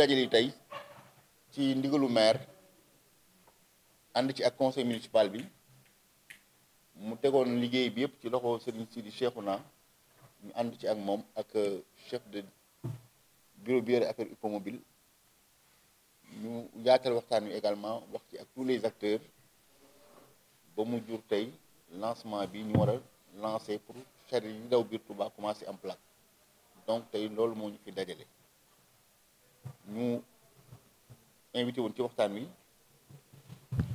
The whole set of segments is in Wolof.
daje li tey ci ndigalu maire ànd ci ak conseil municipal bi mu tegoon liggéey bi yëpp ci loxo Serigne Sidi Cheikhouna ñu ànd ci ak moom ak euh, chef de bureau bi yore affaire hippomobile ñu yaatal waxtaan wi également wax ci ak tous les acteurs ba mu jur tey lancement bi ñu war a lancer pour charrette yi daw biir Touba commencé am plaque donc tey loolu moo ñu fi dajale. ñu invité woon ci waxtaan wi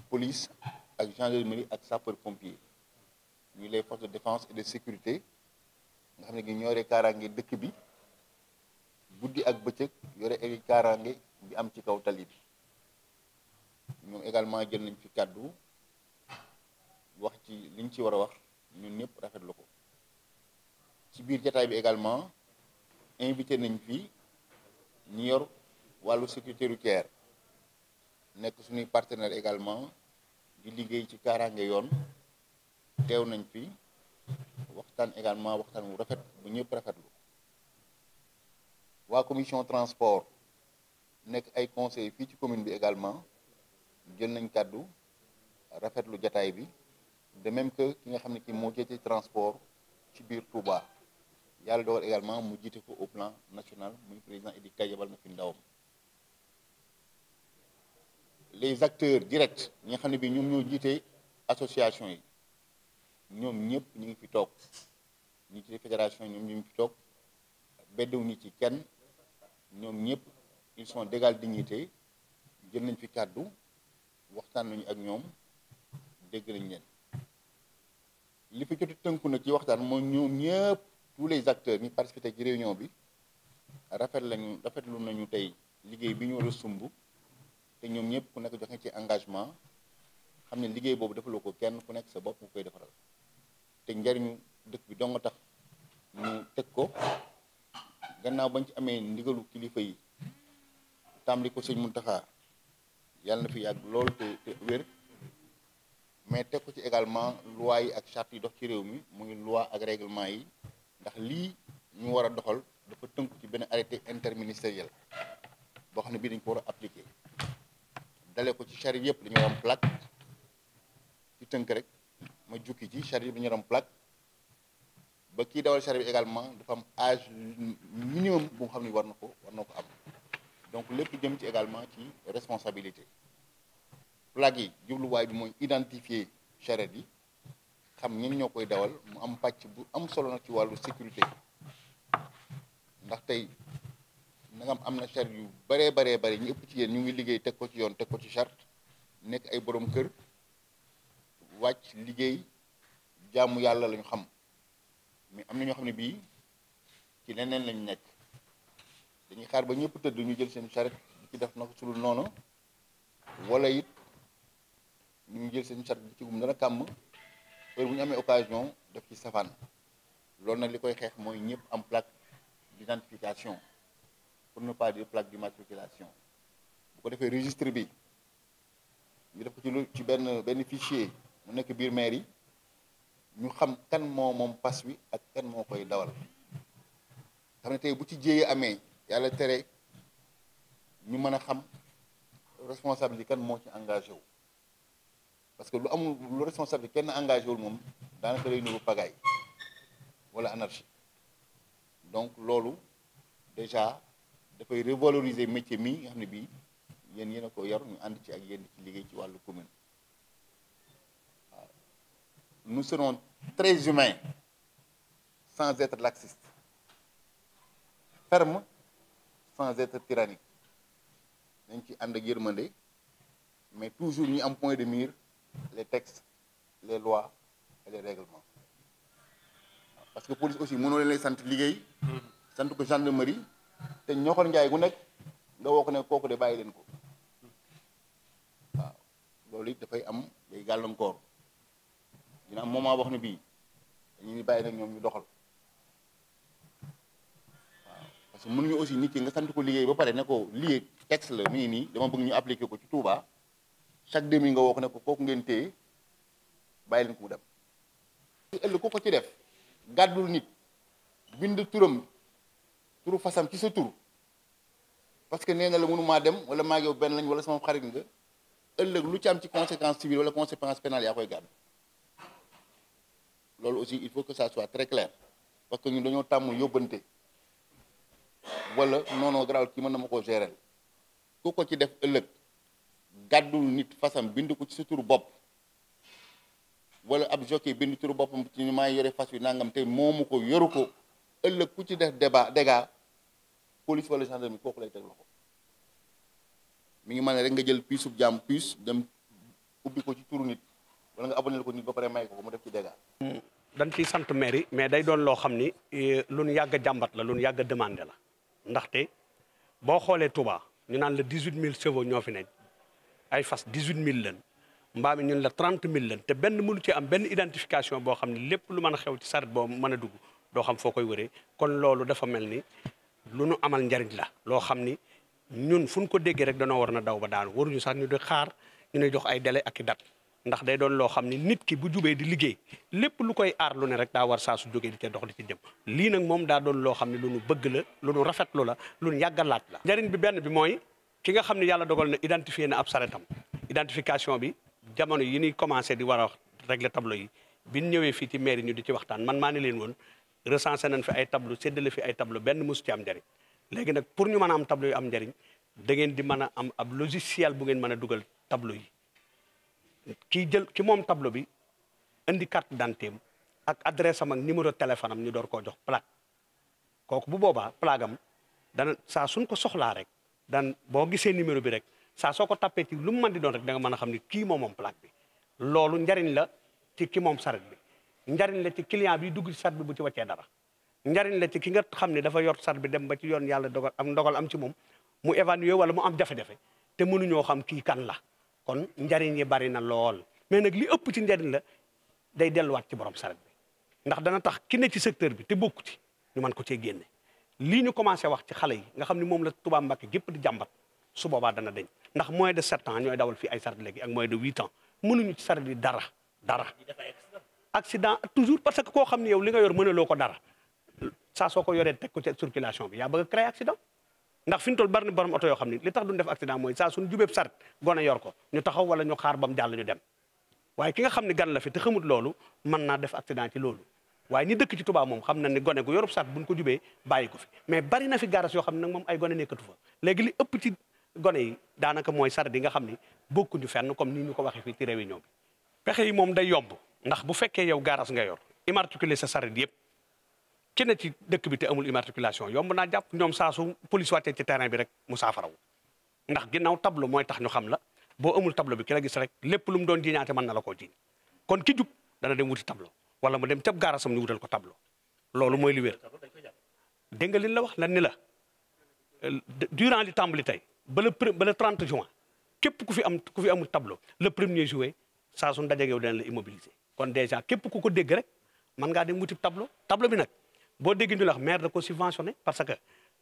police ak gendarmerie ak sapeur pompier ñu les forces de défense et de sécurité nga xam ne gi ñooree kaaraange dëkk bi guddi ak bëccëg yore ay kaaraange bi am ci kaw tali bi ñoom également jël nañ fi kàddu wax ci liñ ci war a wax ñun ñëpp lu ko ci biir jataay bi également invité nañ fi ñi yor wàllu sécurité routière nekk suñuy partenaire également di liggéey ci kaaraange yoon teew nañ fi waxtaan également waxtaan wu rafet bu ñëpp rafetlu waa commission transport nekk ay conseil fii ci commune bi également jël nañ kàddu rafet lu jataay bi de même que ki nga xam ne ki moo jëte transport ci biir Touba yàlla dogal également mu jiite ko au plan national muy président kay Kadiabal na fi ndawam les acteurs directs ñi xam ne bi ñoom ñoo jiite association yi ñoom ñëpp ñu ngi fi toog ñi ci fédération ñoom ñu ngi fi toog beddew ñi ci kenn ñoom ñëpp ils sont d'égale dignité jël nañ fi kàddu waxtaan nañu ak ñoom dégg nañ leen li fi joti tënku na ci waxtaan mooy ñoom ñëpp tous les acteurs ñu participé ci réunion bi rafet lañu rafetlu nañu tey liggéey bi ñu war a sumb te ñoom ñëpp ku nekk joxe ci engagement xam ne liggéey boobu defaloo ko kenn ku nekk sa bopp nga koy defaral te njariñu dëkk bi dong tax ñu teg ko gannaaw bañ ci amee ndigalu kilifa yi tàmbali ko sëñ Muntaxa yàlla na fi yàgg lool te wér mais teg ko ci également loi yi ak charte yi dox ci réew mi muy loi ak règlement yi ndax lii ñu war a doxal dafa tënk ci benn arrêté interministériel boo xam ne bii dañ ko war a appliqué dale ko ci charrette yëpp dañoo am plaque ci tënk rek ma jukki ci charrette yëpp dañoo am plaque ba kii dawal charrette bi également dafa am âge minimum bu nga xam ne war na ko war na ko am donc lépp jëm ci également ci responsabilité plaque yi jubluwaay bi mooy identifier charrette yi xam ñen ñoo koy dawal mu am pàcc bu am solo nag ci wàllu sécurité ndax tey na am na charte yu bëree baree bëri ñu ëpp ci yéen ñu ngi liggéey teg ko ci yoon teg ko ci charte nekk ay borom kër wàcc liggéey jàmm yàlla lañu xam mais am na ñoo xam ne bii ci leneen lañu nekk dañuy xaar ba ñëpp tëdd ñu jël seen charrette di ci def na ko sulul noonu walla it ñu jël seen charrette di ci gum dana kàmm heure bu ñu amee occasion def ci safaan loolu nag li koy xeex mooy ñëpp am plaque d'identification pour ne pas dire plaque d'immatriculation bu ko defee registre bi ñu def ko ci lu ci benn benn mu nekk biir mairie yi ñu xam kan moo moom pass wi ak kan moo koy dawal xam ne tey bu ci jéyee amee yàlla tere ñu mën a xam responsable kan moo ci engagé wu parce que lu amul lu responsable kenn engagé wul moom daanaka lay nuru pagaille wala anarchie donc loolu déjà dafay revaloriser métier mi nga xam ne bii yéen yéen a ko yor ñu ànd ci ak yéen ci liggéey ci wàllu commune waaw nous serons très humains sans être laxistes fermes sans être tyranniques nañ ci ànd ak yërmande mais toujours ñu am point de mire les textes les lois et les règlements parce que police aussi mënoo leen lay sant liggéey mm-hmm. sant ko gendarmerie te ñoxor njaay gu nekk nga woo ko ne kooku de bàyyi leen ko waaw loolu it dafay am day gàllankoor dina am moment wax ne bii dañuy bàyyi nag ñoom ñu doxal waaw parce que mënuñu aussi nit ki nga sant ko liggéey ba pare ne ko liggéey texte la mi ngi nii dama bëgg ñu appliqué ko ci Touba chaque demi nga woo ko ne ko kooku ngeen téye bàyyi leen ko mu dem. ëllëg ku ko ci def gàddul nit bind turam. turu fasam ci sa tur parce que nee na la mënu maa dem wala maa benn lañ wala sama xarit nga ëllëg lu ci am ci conséquence civile wala conséquence pénale yaa koy gàddu loolu aussi il faut que ça soit très clair parce que ñun dañoo tàmmul yóbbante walla noonoo garal kii mën na ma koo gérer ku ko ci def ëllëg gàddul nit fasam bind ko ci sa turu bopp wala ab jockey bind turu boppam ci ñu maa yore fas yu nangam te moomu ko yoru ko ëllëg ku ci def débat police wala gendarmerie kooku lay teg loxo mu ngi mën rek nga jël puce bu jàmm puce dem ubbi ko ci turu nit wala nga abonné ko nit ba pare may ko mu def ci dégâts. Hmm, dañ ciy sant maire yi mais day doon loo xam ni eh, lu nu yàgg jàmbat la lu nu yàgg a la ndaxte boo xoolee Touba ñu naan la dix huit mille chevaux ñoo fi nekk ay fas dix huit mille lañ mbaam mi ñun la trente mille lañ te benn mënu ci am benn identification boo xam ne lépp lu mën a xew ci saret boo mën a dugg doo xam foo koy wëree kon loolu dafa mel ni lu nu amal njariñ la loo xam ni ñun fu ñu ko déggee rek danoo war na daw ba daanu waruñu sax ñu di xaar ñu ne jox ay délai ak i dat ndax day doon loo xam ni nit ki bu jubee di liggéey lépp lu koy aar lu ne rek daa war saa su jógee di ca dox di ci jëm lii nag moom daa doon loo xam ne lu nu bëgg la lu nu rafetlu la lu nu yàgg laaj la njariñ bi benn bi mooy ki nga xam ne yàlla dogal na identifié na ab saretam identification bi jamono yi nuy commencé di war a régler tableau yi bi ñëwee fii ci mairie ñu di ci waxtaan man maa ne leen recensé nañ fi ay tableau séddale fi ay tableau benn mosu ci am njëriñ léegi nag pour ñu mën a am tableau yu am njëriñ da ngeen di mën a am ab bu ngeen mën a dugal tableau yi kii jël ki moom tableau bi indi carte d'identité ak adresse am ak numéro téléphone am ñu door koo jox plaque kooku bu boobaa plaque am dana saa suñ ko soxlaa rek dan boo gisee numéro bi rek saa soo ko tappee ci lu mu mën di doon rek da nga mën a xam ni kii moom moom plaque bi loolu njariñ la ci ki moom saret bi njariñ la ci client bi dugg ci sat bi bu ci wàccee dara njariñ la ci ki nga xam ne dafa yor sat bi dem ba ci yoon yàlla dogal am ndogal am ci moom mu évaluer wala mu am jafe-jafe te mënuñoo xam kii kan la kon njariñ yi bari na lool mais nag li ëpp ci njariñ la day delluwaat ci borom saret bi ndax dana tax ki ne ci secteur bi te bokku ci ñu mën ko cee génne lii ñu commencé wax ci xale yi nga xam ne moom la Touba Mbacké gépp di jàmbat su boobaa dana deñ ndax moins de sept ans ñooy dawal fii ay saret léegi ak moins de huit ans mënuñu ci saret yi dara accident toujours parce que ko xam ne yow li nga yor loo ko dara saa soo ko yoree teg ko ci circulation bi yaa bëgg a accident ndax fi ñu toll bari na borom oto yoo xam ne li tax duñ def accident mooy saa suñ jubeeb saret gone yor ko ñu taxaw wala ñu xaar ba mu jàll ñu ki nga xam ne gan la fi te loolu mën naa def accident ci loolu waaye ñi dëkk ci Touba moom xam na ne gone gu yorub saret ko jubee bàyyi ko fi mais bari na fi garas yoo xam ne nag moom ay gone nekkatu fa léegi li ëpp ci gone yi daanaka mooy saret yi nga xam ni ne bokkuñu fenn comme ni ñu ko waxee fii ci réunion bi pexe yi moom day yomb ndax bu fekkee yow gaaraas nga yor immatriculé sa saret yëpp ki ci dëkk bi te amul immatriculation yomb naa jàpp ñoom saa su police wàccee ci terrain bi rek mu saafaraw ndax ginnaaw tableau mooy tax ñu xam la boo amul tableau bi ki gis rek lépp lu mu doon jiñaate man na la koo jiñ kon ki jub dana dem wuti tablo wala mu dem teb gaarasam ñu wutal ko tableau loolu mooy li wér dégg nga li la wax lan ni la durant li tàmbali tey ba le ba le 30 juin képp ku fi am ku fi amul tableau le premier juillet saa suñ dajegew dana la immobiliser kon déjà képp ku ko dégg rek mën ngaa dem wuti tableau tableau bi nag boo dégg ñu la wax da ko subventionné parce que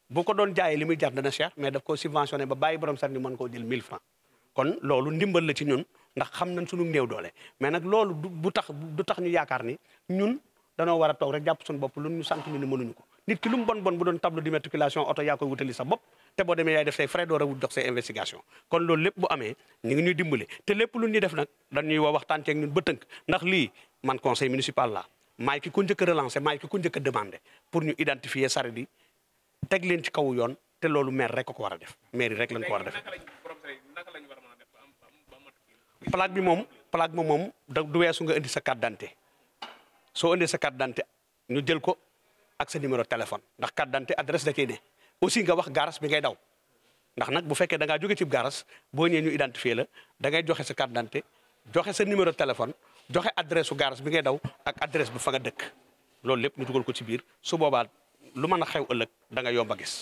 bu ko doon jaayee li muy jar dana cher mais daf ko subventionné ba bàyyi borom sar ni mën ko jël 1000 francs kon loolu ndimbal la ci ñun ndax xam nañ suñu néew doole mais nag loolu bu tax du tax ñu yaakaar ni ñun danoo war toog rek jàpp suñu bopp lu ñu sant ñu ni mënuñu ko nit ki lu mu bu doon tableau d'immatriculation oto yaa koy wutali sa bopp te boo demee yaay def say frais door a wut dox say investigation kon loolu lépp bu amee ñu ngi ñuy dimbale te lépp lu ñuy def nag dañuy woo waxtaan ceeg ñun ba tënk ndax lii man conseil municipal la maay ki ku njëkk a relancé maay ki ku njëkk a demandé pour ñu identifier saret yi teg leen ci kaw yoon te loolu maire rek ko war a def maire rek lañ ko war a def plaque bi moom plaque bi moom du weesu nga indi sa carte d'identité soo indee sa carte d'identité ñu jël ko ak sa numéro téléphone ndax carte d'identité adresse da aussi nga wax garas bi ngay daw ndax nag bu fekkee da jóge ci garas boo ñëwee ñu identifier la da ngay joxe sa carte d'identité joxe sa numéro téléphone joxe adresse su garas bi ngay daw ak adresse bu fa nga dëkk loolu lépp ñu dugal ko ci biir su boobaa lu man a xew ëllëg da nga yomb a gis